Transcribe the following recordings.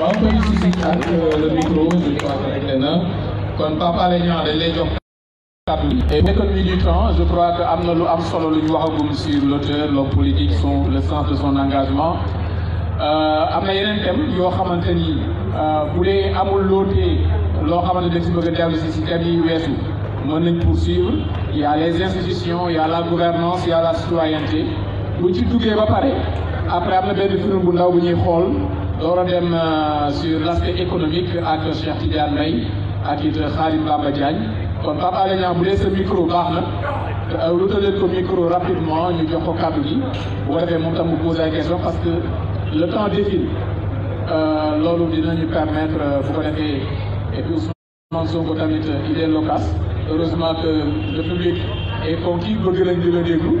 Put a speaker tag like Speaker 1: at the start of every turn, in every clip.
Speaker 1: waaw koy si ak le micro que du temps je crois que am na lu am solo lu ñu waxagum sur l'auteur l'homme politique son le sens de son engagement am na yeneen thèmes yoo xamante nii bu dee amul lootee loo xamante dañ si bëgg a dellu si si thèmes yi mën nañ poursuivre il y les institutions il la gouvernance il la citoyenneté buñ ci duggee ba pare après am na benn film bu ndaw bu ñuy xool door a dem euh, sur l' aspect économique ak Cheikh Tidiane Mbaye ak it euh, Khadim Bamba Diagne kon Pape Alé bu dee sa micro baax na te wutaleen euh, ko micro rapidement ñu jox ko kàddu bu ko defee moom tam mu posé ay question parce que le temps défile loolu dinañu permettre bu ko defee et puis Ousmane Sonko tamit il est loquace heureusement que le public est conquis bëgg nañ di déglu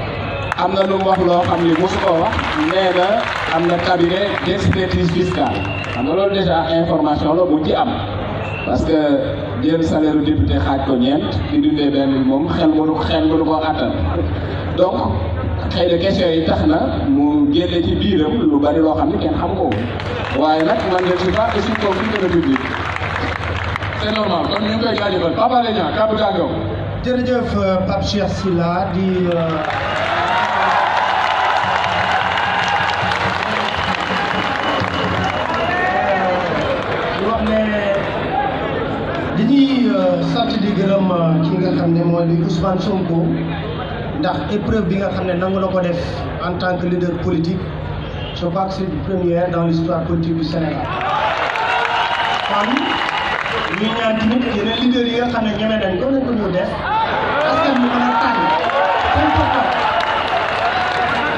Speaker 1: am na lu mu wax loo xam ni mosu wax nee na am na cabinet d'expertise fiscale xam nga loolu déjà information la buñ ci am parce que jël salaire député xaaj ko ñeent di dundee moom xel mënu xel mënu ko àttan donc xëy na question yi tax na mu génne ci biiram lu bari loo xam ni kenn xam ko waaye nag man de suis pas issu conflit de la République c'est normal kon ñu ngi koy jaajëfal Papa Alé Niang kàddu gaa jërëjëf euh, Pape Cheikh Sylla di
Speaker 2: euh, sant di euh, nga xam ne mooy di Ousmane Sonko ndax épreuve bi nga xam ne nangu na ko def en tant que leader politique je crois que première dans l'histoire politique du Sénégal kon ñuy ñaan tamit yeneen leaders yi nga xam ne ñeme nañ ko nañ ko ñu bi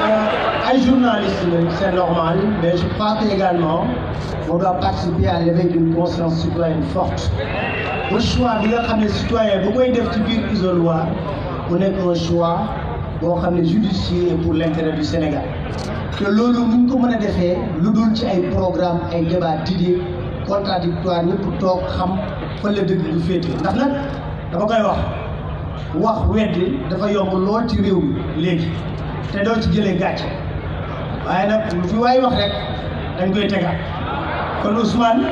Speaker 2: euh, ay journalistes lañ normal mais je crois également on doit participer à l'éveil conscience citoyenne forte ba choix bi nga xam ne citoyen bu koy def ci biir isoloir mu nekk un boo xam ne judicieux et pour l' intérêt du Sénégal te loolu mu ko mën a defee lu dul ci ay programme ay débat d'idées contradictoire ñëpp toog xam fan la dëgg bu féete ndax nag dafa koy wax wax weddi dafa yomb lool ci réew mi léegi te doo ci jëlee gàcce waaye nag lu fi waay wax rek dañ koy tegaat kon Ousmane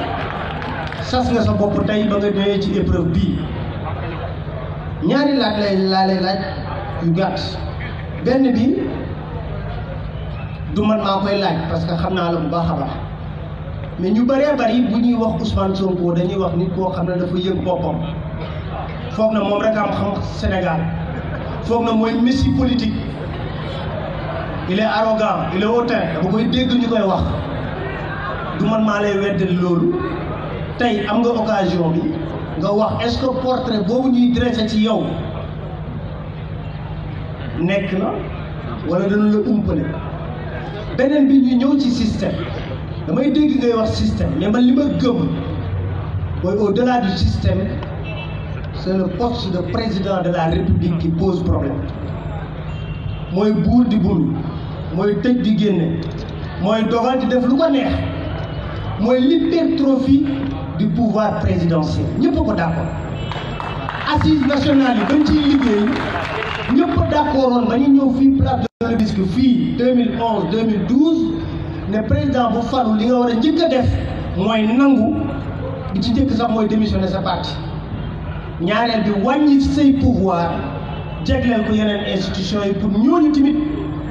Speaker 2: sas nga sa bopp tey ba nga dee ci épreuve bii ñaari laaj lay laa lay yu gàtt benn bi du man maa koy laaj parce que xam naa la bu baax a baax mais ñu bëree bëri bu ñuy wax Ousmane Sonko dañuy wax nit koo xam ne dafa yëg boppam foog na moom rek am xam Sénégal foog na mooy messi politique il est arrogant il est koy dégg ñu koy wax du man maa lay weddal loolu tey am nga occasion bi nga wax est-ce que portrait boobu ñuy dressé ci yow nekk na wala dana la umpale beneen bi ñu ñëw ci système damay dégg ngay wax système mais man li ma gëm mooy au-delà du système c'est le poste de président de la république qui pose problème mooy buur di bulu mooy tëj di génne mooy dogal def lu ko neex mooy l'hypertrophie du pouvoir présidentiel ñëpp ko d'accord assise nationale yi bañ ciy liggéey ñëpp d'accord woon ba ñu ñëw fii place de l'Obélisque fii 2011 2012 ne président bu faru li nga war a njëkk a def mooy nangu di ci njëkk sax mooy démissionner sa parti ñaareel bi wàññi say pouvoir jegleel ko yeneen institution yi pour ñooñu tamit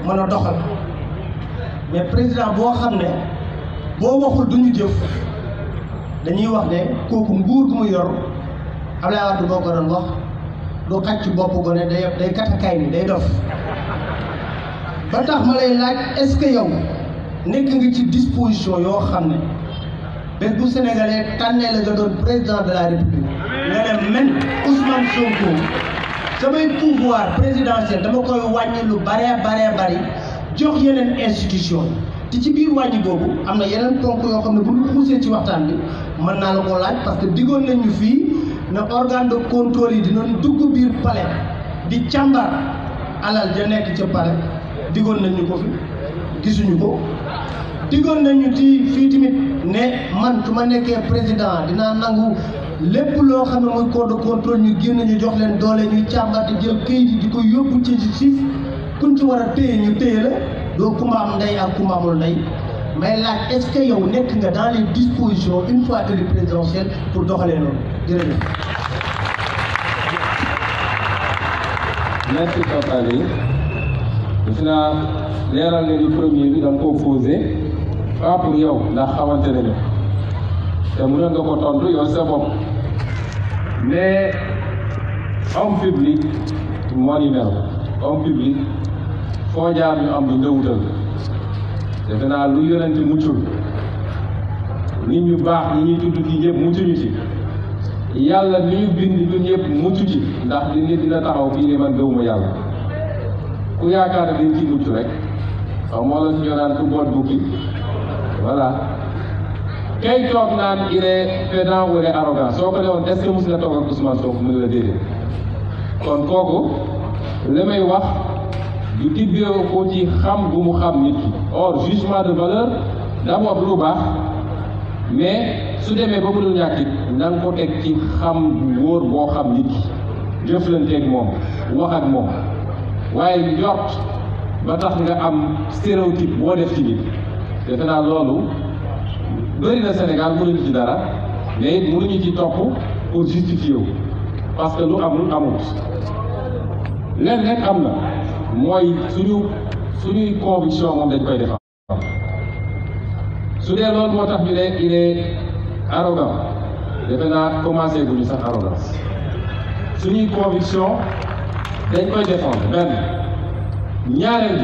Speaker 2: mën a doxal mais président boo xam ne boo waxul du ñu jëf. dañuy wax ne kooku nguur gu mu yor Abdoulaye Wade boo ko doon wax du xacc bopp gone day day katakaay ni day dof ba tax ma lay laaj est-ce que yow nekk nga ci disposition yoo xam ne bés bu sénégalais tànnee la nga doon président de la république nga ne man Ousmane Sonko samay pouvoir présidentiel dama koy wàññi lu baree baree bari jox yeneen institution te ci biir wàññi boobu am na yeneen ponk yoo xam ne bu ñu ci waxtaan bi mën naa la ko laaj parce que diggoon nañu fii na organde de contrôle yi dinañ dugg biir palais di càmbar alal ja nekk ca palais diggoon nañu ko fi gisuñu ko diggoon nañu ci fii tamit ne man su ma nekkee président dina nangu lépp loo xam ne mooy corps de contrôle ñu génn ñu jox leen doole ñuy càmbar di jël këyit yi di ko yóbbu ci justice kuñ ci war a téye ñu téye la doo kumba am ndey ak kumba amul ndey mais laaj est-ce que yow nekk nga dans les dispositions une fois élu présidentiel pour doxalee noonu jërëjëf.
Speaker 1: merci Fapal yi
Speaker 3: defe leeral ne ni premier bi da nga koo posé pour yow ndax xamante nañu te mënoon nga ko tontu yow sa mais homme public moo ni mel homme foo jaar ñu am lu nga wutal. defe naa lu yonent muccul nit ñu baax ñi ñuy tudd fii ñëpp muccuñu ci yàlla mi ñu bind ñun ñëpp muccu ci ndax li nit dina taxaw fii ne man gëwuma yàlla ku yaakaar dañ ci mucc rek xaw la ñoo naan ku boot bukki voilà kay toog naan il est pédant wala arrogant soo ko ne woon est-ce que mos nga toog ak Ousmane Sonko mu ne la déedéet kon kooku li wax yu tibbee ko ci xam bu mu xam nit or jugement de valeur daa mu lu baax mais su demee ba mu dul ñàkkit na ko teg ci xam bu wóor boo xam nit jëflanteeg moom wax ak moom waaye njort ba tax nga am stéréotype boo def ci nit defe naa loolu bëri na Sénégal mënuñu ci dara mais it mënuñu ci topp pour justifier wu parce que lu amul amut leen rek am na mooy suñu suñuy conviction dañ koy defar su dee loolu moo tax ñu ne il est defe naa commencé guñu sax arrogance suñuy conviction dañ koy défendre benn ñaareel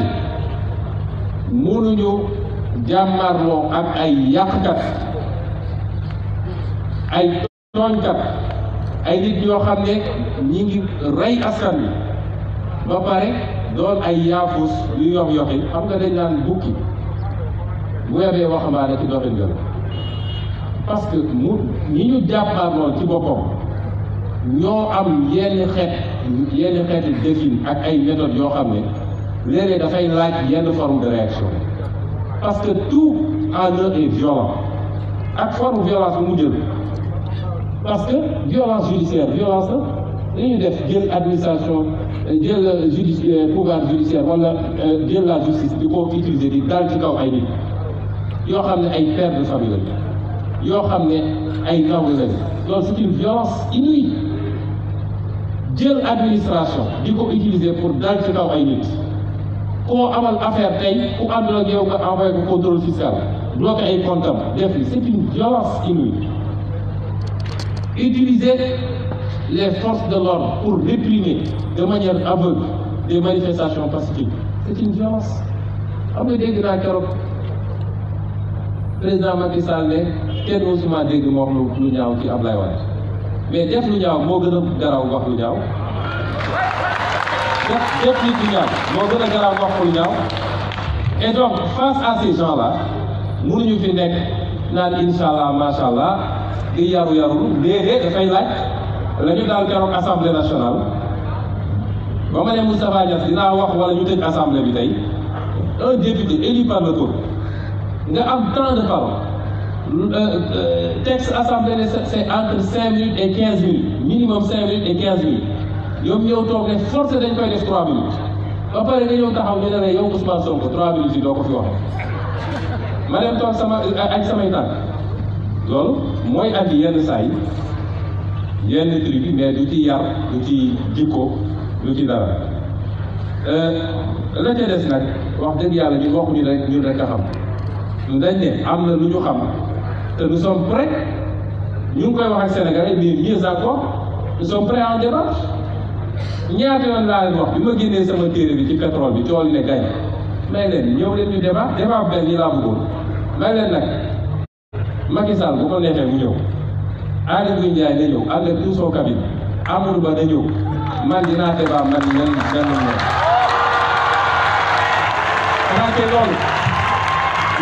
Speaker 3: bi mënuñu jàmmarloo ak ay yàqkat ay tooñkat ay nit ñoo xam ne ñi ngi rey askan wi ba pare doon ay yaafus yu yox yoxi xam nga dañ naan bukki bu yabee waxambaane ci doxin nga parce que mu ñi ñu jàppaarloon ci boppam ñoo am yenn xeet yenn xeeti défin ak ay méthodes yoo xam ne léeg-léeg dafay laaj yenn form de réaction parce que tout en eux est violent ak forme violence bu mu jël parce que violence judiciaire violence la def jël administration jël judici euh, pouvoir judiciaire wala euh, jël la justice di ko utiliser di daal ci kaw ay nit yoo xam ne ay père de famille lañu yoo xam ne ay nawle lañu loolu c'est une violence inouïe jël administration di ko utiliser pour dal ci kaw ay nit koo amal affaire tey ku àndul ak yow nga envoyé ko contrôle fiscal bloqué ay comptam def li une violence inouïe utiliser les forces de l'ordre pour réprimer de manière aveugle des manifestations pacifiques c'est une violence xam dégg naa keroog président Macky Sall ne dégg moo wax lu ñaaw ci Ablaye Wade mais def moo gën a garaaw wax lu ñaaw def def nit lu ñaaw moo gën a garaaw wax lu ñaaw et donc face à ces gens-là mënuñu fi nekk naan incha allah macha allah di yaru yaru léeg-léeg dafay laaj la ñu daal keroog assemblée nationale ba ma ne Moustapha Niass dinaa wax wala ñu tëj assemblée bi tey un député nga am temps de parole euh, texte assemblée ne c'est entre cinq minutes et quinze minutes minimum cinq minutes et quinze minutes yow ñëw toog ne forcé dañ koy def trois minutes ba pare nga ñëw taxaw ñu ne la yow Ousmane Sonko trois minutes yi doo ko fi waxee ma dem toog sama ak samay tànk loolu mooy andi yenn saa yi. yenn tri bi mais du ci yar du ci jikko du ci dara euh, la ca des nag wax dëgg yàlla ñun waxuñu rek ñun rek ñu dañ ne am na lu ñu xam te koy wax ak Sénégalais mais mieux encore nous sommes prêts à en yoon laa leen bi ma génnee sama téere bi ci pétrole bi tool ne gañ may leen ñëw leen ñu débat débat benn yi laa bëggoon may leen nag Macky bu ko neexee mu ñëw. Aly Ndiaye na ñëw ànd ak Youssou Kabine Ba na ñëw man dinaa débat man yan yan la ñëw. te loolu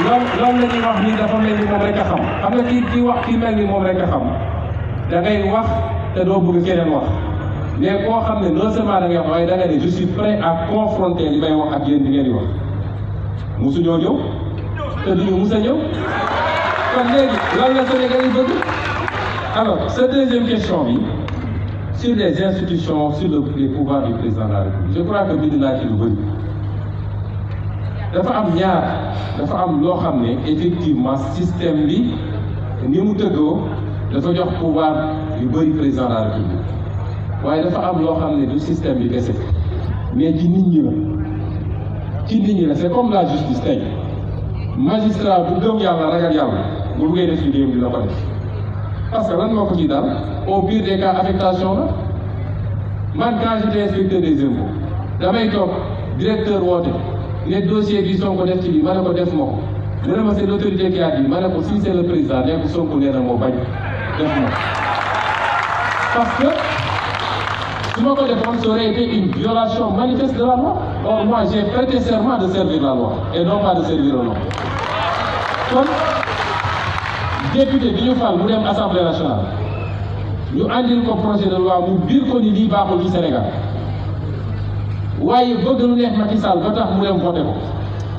Speaker 3: loolu loolu wax nii dafa mel moom rek a xam xam nga kii wax kii mel ni moom rek a xam da wax te doo bëgg keneen wax. mais koo xam ne non seulement da ngay wax waaye da nga ne confronter li may wax ak yéen di ngeen di wax mosu ñoo ñëw te du ñu ñëw kon léegi lan la Sénégal yi bëgg. alors sa deuxième question bi sur les institutions sur le les pouvoirs du président de la République je crois que bind naa dafa am ñaar dafa am loo xam ne effectivement système bi ni mu tëggoo dafa jox pouvoir yu bëri président de waaye dafa am loo xam ne du système bi kese mais ci nit ñi la ci nit ñi la c'est comme la justice tey magistrat bu gëm yàlla ragal yàlla bu buggee def liggéeyam dina ko def parce que lan moo ko ci daal au pire des cas affectation la man quand j'étais inspecteur des impôts damay toog directeur woote ne dossier bi Sonko def ci bi ma ne ko def ma ko mu ma c'est l'autorité qui a dit ko si c'est le président ne ko Sonko nee na moo bañ def ma parce su ma ko defoon ça aurait été une violation manifeste la loi or moi j'ai prêté serment de servir la loi et non de servir un homme député bi ñu fal mu dem assemblée nationale ñu àndil ko projet de loi mu biir ko ni lii baaxul ci Sénégal waaye bëgg lu neex Macky ba tax mu dem voté ko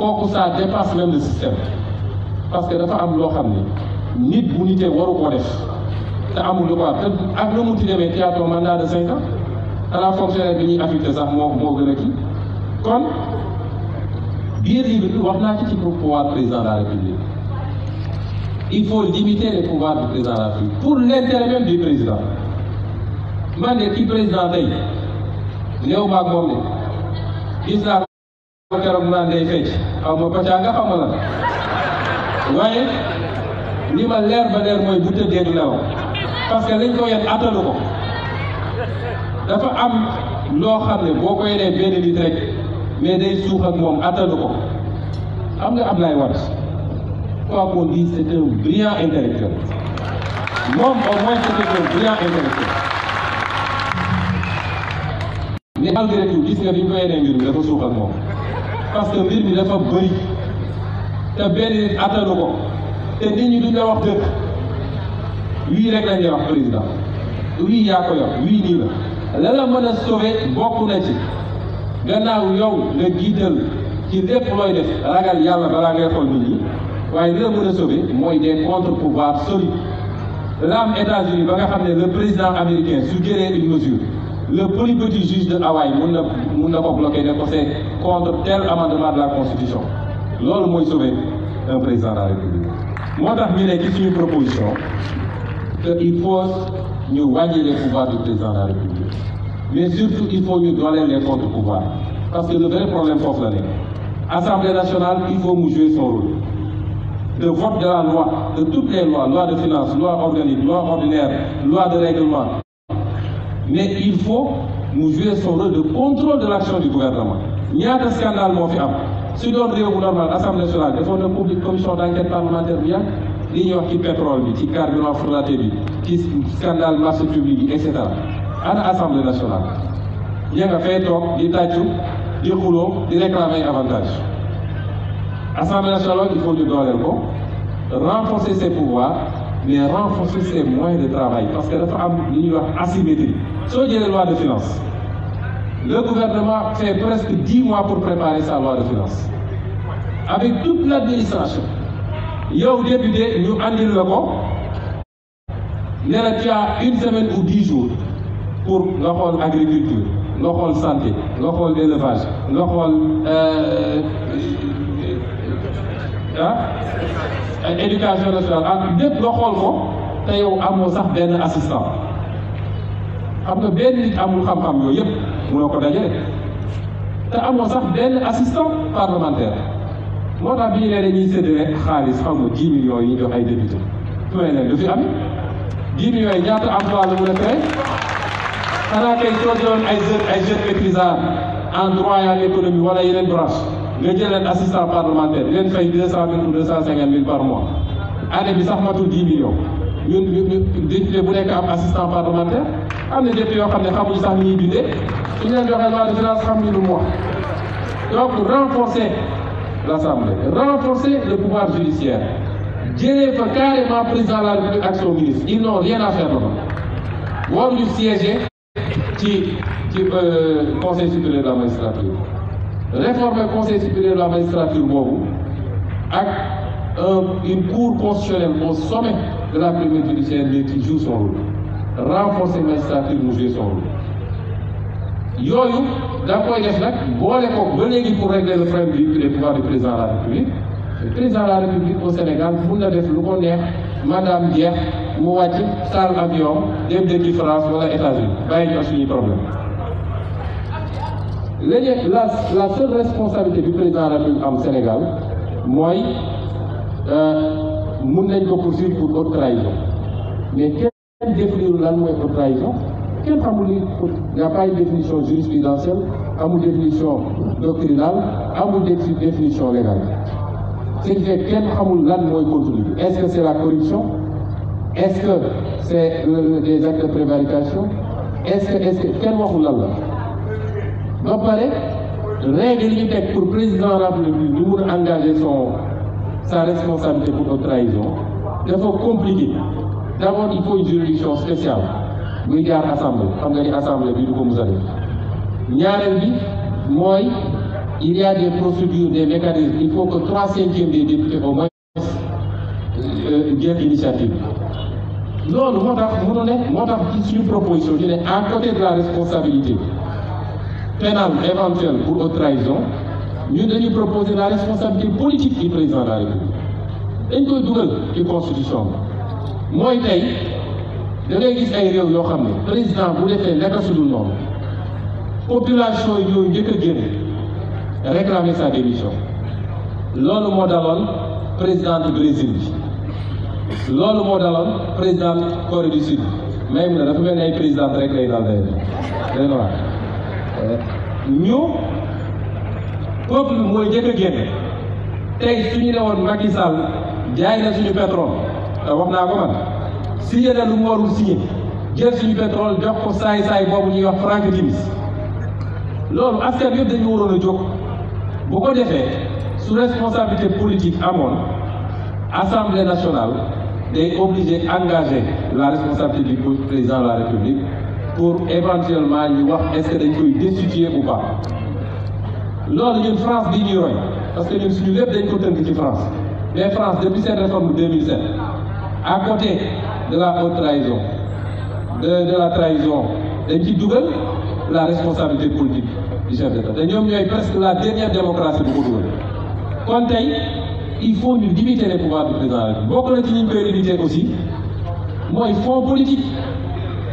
Speaker 3: kooku ça dépasse même système parce que dafa am loo xam ne nit bu nitee waru ko def te amul lu ko te ak nu mu ti demee théâtre mandat de cinq ans xanaa fonctionnaire bi ñuy affecté sax moo moo gën a kii kon biir yi bi wax naa ci ci pouvoir président de la il faut limiter les pouvoirs du président de la République pour l'intérêt même du président man de kii président tey néew maag moom de gis naa ko keroog mu naan day fecc ma pacca nga xaw ma lan waaye parce que dafa am loo xam ne boo ko yenee benn nit rek mais day suux ak moom attanu ko xam nga am lay wat Quoi qu'on dise, c'était Moom au moins c'était un brillant intellectuel. Mais malgré tout gis nga bi ñu koy nee mbir moom parce mbir mi dafa bëri te benn nit ko te nit ñi duñ wax dëgg wii rek lañ wax président wii yaa ko yor wii nii la la la mën a sauver bokk na ci gannaaw yow nga jiital ci lépp looy def ragal yàlla balaa ngay xool nit ñi. waaye li la mën a sauver mooy des contre-pouvoirs solides la am États-Unis ba nga xam ne le président américain su jëlee une mesure le plus petit juge de Hawaï mun na mun na ko bloquer ne ko c'est contre tel amendement de la constitution loolu mooy sauver un président république moo tax ñu ne ci suñu proposition que il faut ñu wàññi les pouvoirs du président de république mais surtout il faut ñu dooleel les contre-pouvoirs parce que le vrai problème foofu la nekk assemblée nationale il faut de vote de la loi, de toutes les lois, de finances, loi organique, loi ordinaire, loi de règlement. Mais il faut mu jouer son de contrôle de l'action du gouvernement ñaata scandale moo fi am su doon réew bu normal assemblée nationale defoon na public commission d'enquête parlementaire bi yàgg li ñuy wax ci pétrole bi ci carburant frelaté bi ci scandale marché public bi et cetera ana assemblée nationale ña nga toog di tàccu di xuloo di réclamer avantage Assemblée nationale il faut ñu dooleel ko renforcer ses pouvoirs mais renforcer ses moyens de travail parce que dafa am li ñuy wax asymétrie soo jëlee loi de finances le gouvernement fait presque dix mois pour préparer sa loi de finances avec toute l'administration yow député ñu andil la ko ne la une semaine ou dix jours pour nga xool agriculture nga xool santé nga xool élevage nga euh, ah éducation nationale ak lépp nga xool ko te yow amoo sax benn assistant xam nga benn nit amul xam-xam yooyu yëpp munoo ko dajale te amoo sax benn assistant parlementaire moo tax bi ñu nee dañuy séddale xaalis xam nga 10 millions yi ñu jox ay député su may leen du fi am 10 millions yi ñaata emploi la mun a créé xanaa kay soo doon ay jeunes ay jeunes maîtrisards en droit et en économie yeneen branche nga jël leen assistant parlementaire di leen fay deux cent mille ou deux cent cinquante mille par mois année bi sax matul dix millions ñun ñun député bu nekk am assistant parlementaire am na député yoo xam ne xamuñu sax ñuy bindee su ñu leen joxee loi de finance xam ñu lu mu wax donc renforcer l'Assemblée renforcer le pouvoir judiciaire jëlee fa carrément président de la République ak son ministre ils n'ont rien à faire là-bas waruñu siéger ci ci euh, conseil supérieur de la magistrature réformer conseil supérieur de la magistrature boobu ak euh, une cour constitutionnelle au sommet de la première judiciaire mais son rôle renforcer magistrature mu joue son rôle yooyu da koy def nag boole ko ba léegi pour régler le problème du du président la république le président de la république au Sénégal mun na def lu ko neex madame Dièye mu wàcc taal avion dem dëkki France wala États-Unis bàyyi ñu suñuy problème léegi la la seule responsabilité bi président de la République am Sénégal mooy euh, mun nañ ko poursuivre pour haute trahison mais kenn définirul lan mooy haute trahison kenn xamul ni y a pas une définition jurisprudentielle amul définition doctrinale amul définition légale ce qui fait kenn xamul lan mooy contenu bi est-ce que c'est la corruption est-ce que c'est des actes de prévarication est-ce que est-ce que kenn waxul lan la ba pare règle pour président rappelé bi ñu mun engager son sa responsabilité pour notre trahison dafa compliqué d' abord il faut une juridiction spéciale muy jaar assemblée xam nga ni assemblée bi du ko mus a mooy il y a des procédures faut que trois cinquièmes des euh, jël initiative loolu moo tax mënu ne moo tax ci suñu proposition ñu ne à côté de la responsabilité pénale éventuelle pour haute trahison ñun dañuy proposer la responsabilité politique du président de la koy dugal ci constitution mooy tey da gis ay réew yoo xam ne président bu defee nekk su dul noonu population yi ñooy njëkk a sa démission loolu moo daloon président du Brésil bi loolu moo daloon président Corée du Sud même na dafa mel ni ay président rek lay dal day day ñu peuple bi mooy njëkk a génne tey suñu ne woon Macky jaay na suñu pétrole te wax naa ko man signé na lu mu warul signé jël suñu pétrole jox ko saay-saay boobu ñuy wax Frank Timis loolu askan yëpp dañu waroon a jóg bu ko defee su responsabilité politique amoon assemblée nationale day obligé engager la responsabilité du président la république pour éventuellement ñu wax est-ce que dañ koy destituer bu pas loolu ñun France bi ñuy roy parce que ñun suñu lépp dañ ko tënk ci France mais France depuis cette réforme de 2007 à côté de la haute trahison de de la trahison dañ ci dugal la responsabilité politique du chef d'État te ñoom ñooy presque la dernière démocratie bu ko dugal kon tey il faut ñu limiter les pouvoirs du président la bokk na ci ñu koy limiter aussi mooy fonds politique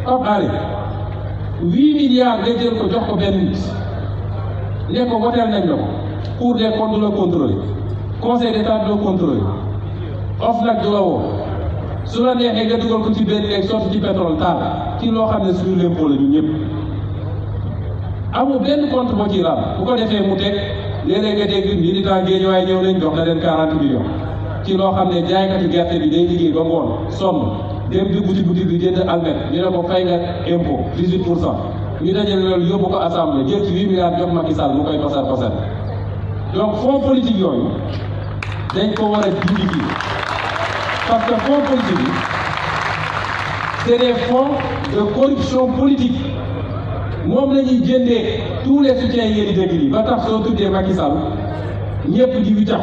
Speaker 3: Pape Alé huit milliards nga jël ko jox ko benn nit ne ko woteel nañ la ko Cour des comptes du la contrôler conseil d'état du la contrôler OFNAC du la woo su la neexee nga dugal ko ci benn néeg sotti ci pétrole taal ci loo xam ne suñu l'impôt la ñun ñëpp amul benn compte boo ci ram bu ko defee mu teg léeg-léeg nga dégg militant géej waaye ñëw nañ jox na leen 40 millions ci loo xam ne jaaykatu gerte bi day liggéey ba ngoon sonn dem di boutique boutique bi jënd almet ñu ne ko fay nga impôt 18 pour yóbbu ko assemblée jël ci 8 milliards jox mu koy pasar pasar donc fonds politique yooyu dañ ko war a dindi kii parce que fonds politique yi c'est des de corruption politique moom la jëndee tous les soutiens yi di dégg nii ba tax soo tuddee Macky Sall di witax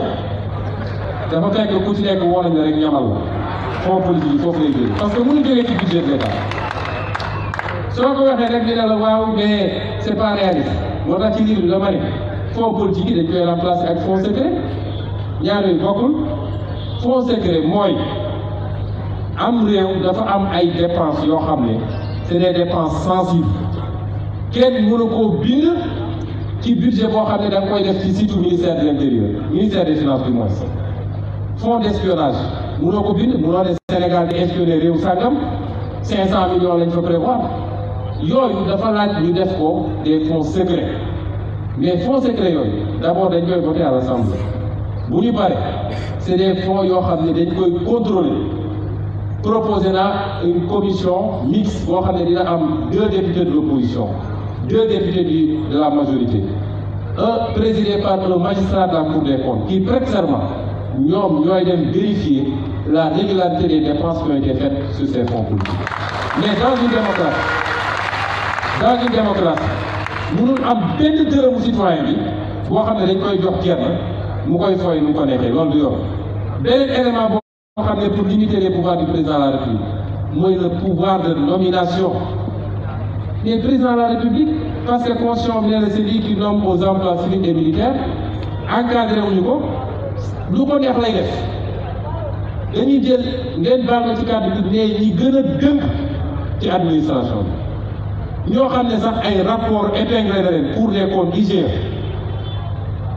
Speaker 3: dafa fekk ku ci nekk woo nañ rek ñamal la fonds politique yi foofu lay parce que mënu jógee ci budget de l' soo ko waxee rek ñu ne la waaw mais c' est pas réaliste moo tax ci livre bi dama ne fonds politique dañ koy remplacer ak fonds secret ñaar yooyu bokkul fonds secret mooy am réew dafa am ay dépenses yoo xam ne c' est des dépenses sensibles kenn mënu koo bind ci budget boo xam ne da nga koy def ci site ministère de intérieur ministère des finances du moins mënoo ko bind mënoo ne Sénégal di inspiré réew sàngam 500 millions lañ fa prévoir yooyu dafa laaj ñu def ko des fonds secrets mais fonds secrets yooyu d' abord dañ koy voté à l' bu ñu pare c' est fonds yoo xam ne dañ koy contrôler proposé naa une commission mixte boo xam ne dina am deux députés de l' opposition deux députés du la majorité un présidé par un magistrat de la cour des comptes qui ñoom ñooy dem vérifier la régularité des dépenses qui ont été faites sur ces fonds publics. mais dans une démocratie dans une démocratie mënul am benn dërëmu citoyen bi boo xam ne dañ koy jox kenn mu koy fooy mu ko nekkee loolu du yoon beneen élément boo xam ne pour limiter les pouvoirs du président de la république mooy le pouvoir de nomination mais président de la république parce que constitution bi ne la c'est lui qui nomme aux emplois civils ko lu ko neex lay def dañuy jël ngeen baal ma ci kàddu bi mais ñi gën a dënk ci administration bi ñoo xam ne sax ay rapport épinglé na leen pour les comptes d'IGF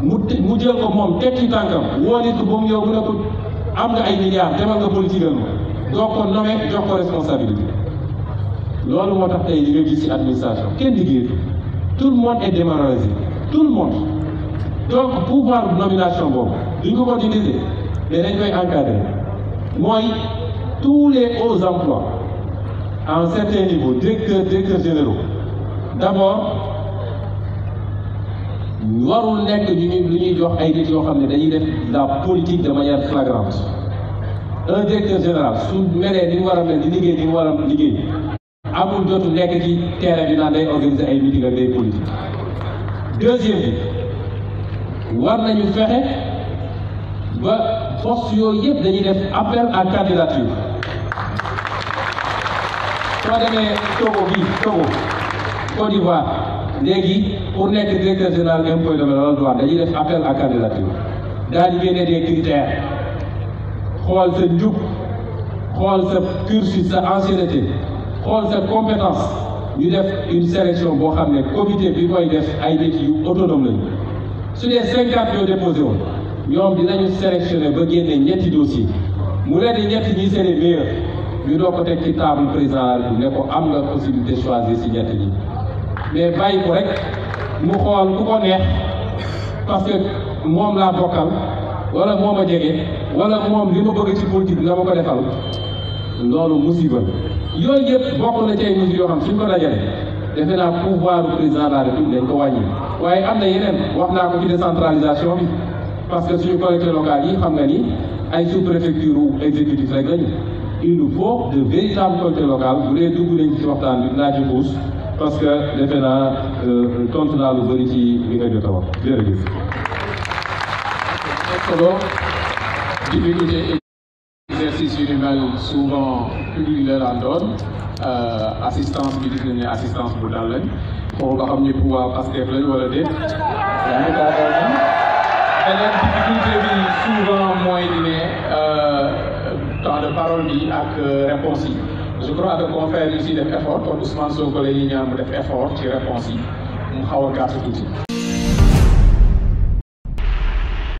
Speaker 3: mu mu jël ko moom teg tànkam woo nit ko ba mu yow mu ne ko am nga ay milliards demal nga politique am jox ko nommé jox ko responsabilité loolu moo tax ay li nga gis administration kenn liggéey tout le moon est démoralisé tout le monde donc pouvoir nomination boobu duñ ko ko utiliser mais dañ koy encadrer mooy tous les hauts emplois à un certain niveau directeur directeur généraux d'abord warul nekk ñu ñu ñuy jox ay nit yoo xam ne dañuy def la politique de manière flagrante un directeur général su melee ni mu war di liggéey ni mu war a liggéey amul jotu nekk ci terrain bi naan day organiser ay meeting ak day politique deuxième bi war nañu fexe ba poste yooyu yëpp dañuy def appel à candidature soo demee Togo bi Togo Côte léegi pour nekk directeur général impôt et domaine wala douane dañuy def appel à candidature daal di génne des critères xool sa njub xool sa cursus sa ancienneté xool sa compétence ñu def une sélection boo xam ne comité bi koy def ay nit yu autonome lañu su dee cinquante yoo déposé ñoom dinañu sélectionné ba génnee ñetti dossier mu leen di ñetti ñi seen i meilleur ñu ko teg ci table président ne ko am nga possibilité choisir si ñetti ñi mais bàyyi ko rek mu xool ku ko neex parce que moom laa bokkal wala moom a jege wala moom li ma bëgg ci politique la ma ko defal loolu musiba yooyu yëpp bokk na ci ay yoo xam suñ ko dajale defe naa pouvoir président de la république dañ ko wàññi waaye am na yeneen wax naa ko ci décentralisation parce que suñu collectivités locales yi xam nga ni ay sous-préfecture exécutif rek il nous faut de véritables collectivités locales bu dee dugg nañ ci waxtaan bi dinaa ci xuus parce que defe naa tontu naa ci li nga jot a wax jërëjëf.
Speaker 1: souvent public la daan euh, assistance bi gis nañ assistance bu dal lañ foofu nga xam ne pouvoir Pastef lañ wala déet yaa ngi beneen difficulté bi souvent mooy di ne euh, temps de parole bi ak euh, réponse yi je crois que confrères yi si def effort kon Ousmane Sonko la ñuy mu def effort ci réponse yi mu xaw a gàtt tuuti